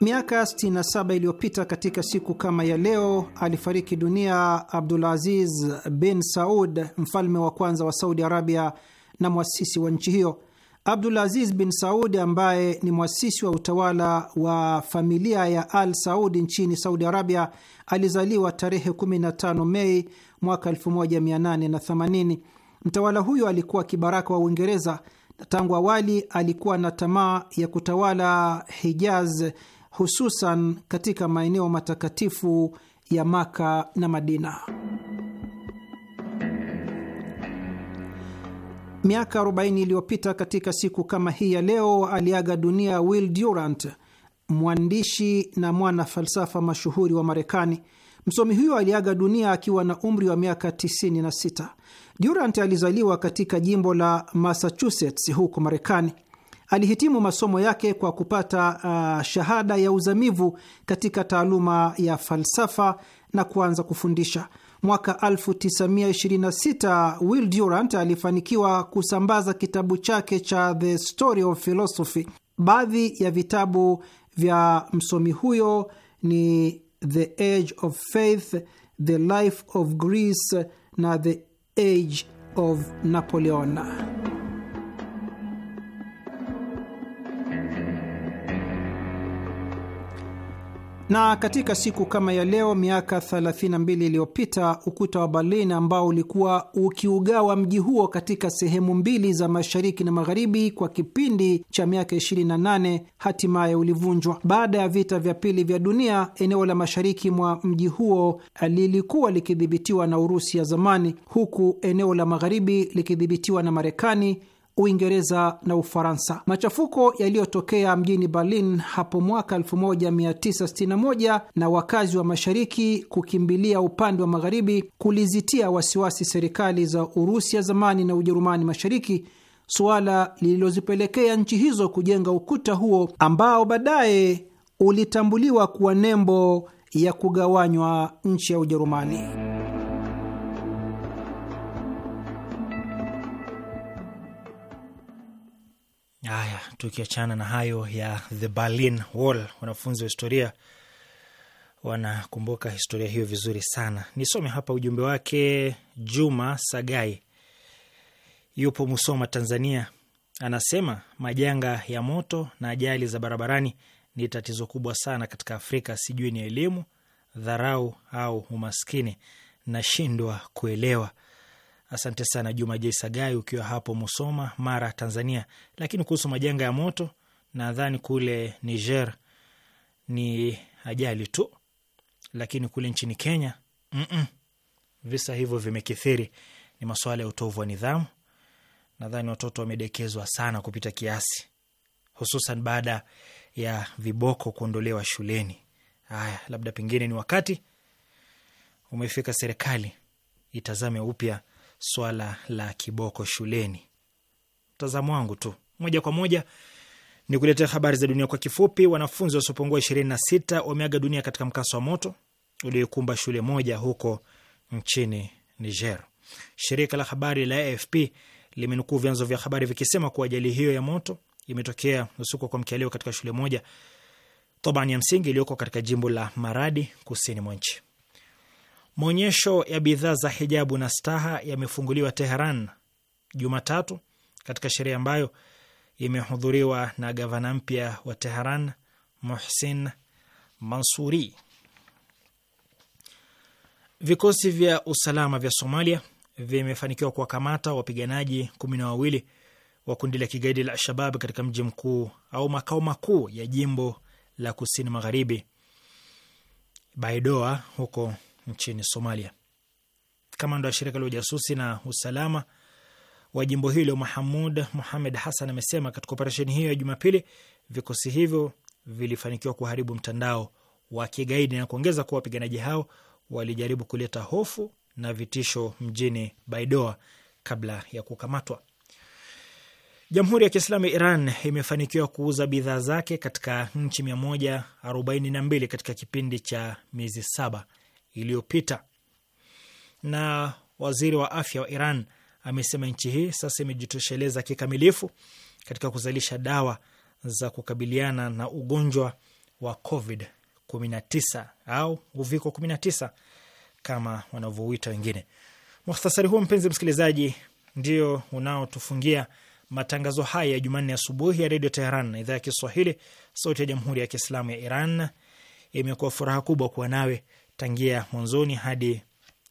Miaka 67 iliyopita katika siku kama ya leo alifariki dunia Abdulaziz bin Saud, mfalme wa kwanza wa Saudi Arabia na mwasisi wa nchi hiyo abdul aziz bin Saudi ambaye ni mwasisi wa utawala wa familia ya Al Saudi nchini Saudi Arabia alizaliwa tarehe 15 Mei mwaka 1880. Mtawala huyo alikuwa kibaraka wa Uingereza na tangu awali alikuwa na tamaa ya kutawala Hijaz, hususan katika maeneo matakatifu ya Maka na Madina. Miaka 40 iliyopita katika siku kama hii ya leo aliaga dunia Will Durant, mwandishi na mwana falsafa mashuhuri wa Marekani. Msomi huyo aliaga dunia akiwa na umri wa miaka 96. Durant alizaliwa katika jimbo la Massachusetts huko Marekani. Alihitimu masomo yake kwa kupata uh, shahada ya uzamivu katika taaluma ya falsafa na kuanza kufundisha. Mwaka 1926 Will Durant alifanikiwa kusambaza kitabu chake cha The Story of Philosophy. Baadhi ya vitabu vya msomi huyo ni The Age of Faith, The Life of Greece na The Age of Napoleon. Na katika siku kama ya leo miaka 32 iliyopita ukuta wa Berlin ambao ulikuwa ukiugawa mji huo katika sehemu mbili za mashariki na magharibi kwa kipindi cha miaka 28 hatimaye ulivunjwa baada ya vita vya pili vya dunia. Eneo la mashariki mwa mji huo lilikuwa likidhibitiwa na Urusi ya zamani, huku eneo la magharibi likidhibitiwa na Marekani Uingereza na Ufaransa. Machafuko yaliyotokea mjini Berlin hapo mwaka 1961 na wakazi wa mashariki kukimbilia upande wa magharibi kulizitia wasiwasi serikali za Urusi ya zamani na Ujerumani Mashariki, suala lililozipelekea nchi hizo kujenga ukuta huo ambao baadaye ulitambuliwa kuwa nembo ya kugawanywa nchi ya Ujerumani. Haya, tukiachana na hayo ya the Berlin Wall, wanafunzi wa historia wanakumbuka historia hiyo vizuri sana. Nisome hapa ujumbe wake. Juma Sagai yupo Musoma, Tanzania, anasema majanga ya moto na ajali za barabarani ni tatizo kubwa sana katika Afrika. Sijui ni elimu, dharau au umaskini, nashindwa kuelewa. Asante sana Juma J Sagai ukiwa hapo Musoma, Mara, Tanzania. Lakini kuhusu majanga ya moto, nadhani kule Niger ni ajali tu, lakini kule nchini Kenya mm -mm. visa hivyo vimekithiri. Ni masuala ya utovu wa nidhamu. Nadhani watoto wamedekezwa sana kupita kiasi, hususan baada ya viboko kuondolewa shuleni. Haya, labda pengine ni wakati umefika serikali itazame upya swala la kiboko shuleni. Mtazamo wangu tu moja kwa moja ni kuletea habari za dunia kwa kifupi. Wanafunzi wasiopungua ishirini na sita wameaga dunia katika mkasa wa moto uliokumba shule moja huko nchini Niger. Shirika la habari la AFP limenukuu vyanzo vya habari vikisema kuwa ajali hiyo ya moto imetokea usiku kwa mkialio katika shule moja toban ya msingi iliyoko katika jimbo la Maradi kusini mwa nchi. Maonyesho ya bidhaa za hijabu na staha yamefunguliwa Teheran Jumatatu, katika sherehe ambayo imehudhuriwa na gavana mpya wa Teheran Mohsin Mansuri. Vikosi vya usalama vya Somalia vimefanikiwa kuwakamata wapiganaji kumi na wawili wa kundi la kigaidi la Alshabab katika mji mkuu au makao makuu ya jimbo la kusini magharibi Baidoa huko nchini Somalia. Kamanda wa shirika la ujasusi na usalama wa jimbo hilo Mahamud Muhamed Hassan amesema katika operesheni hiyo ya Jumapili vikosi hivyo vilifanikiwa kuharibu mtandao wa kigaidi na kuongeza kuwa wapiganaji hao walijaribu kuleta hofu na vitisho mjini Baidoa kabla ya kukamatwa. Jamhuri ya Kiislamu ya Iran imefanikiwa kuuza bidhaa zake katika nchi 142 katika kipindi cha miezi saba iliyopita. Na waziri wa afya wa Iran amesema nchi hii sasa imejitosheleza kikamilifu katika kuzalisha dawa za kukabiliana na ugonjwa wa Covid 19 au uviko 19 kama wanavyouita wengine. Muhtasari huu mpenzi msikilizaji, ndio unaotufungia matangazo haya ya Jumanne asubuhi ya Redio Teheran, idhaa ya Kiswahili, sauti ya Jamhuri ya Kiislamu ya Iran. Imekuwa furaha kubwa kuwa nawe tangia mwanzoni hadi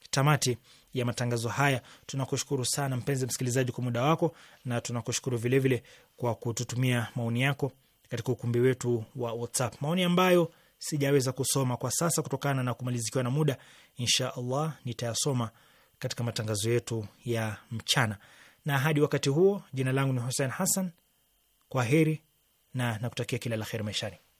tamati ya matangazo haya. Tunakushukuru sana mpenzi msikilizaji kwa muda wako, na tunakushukuru vilevile kwa kututumia maoni yako katika ukumbi wetu wa WhatsApp, maoni ambayo sijaweza kusoma kwa sasa kutokana na kumalizikiwa na muda. Insha Allah nitayasoma katika matangazo yetu ya mchana, na hadi wakati huo, jina langu ni Hussein Hassan. Kwa heri na nakutakia kila la heri maishani.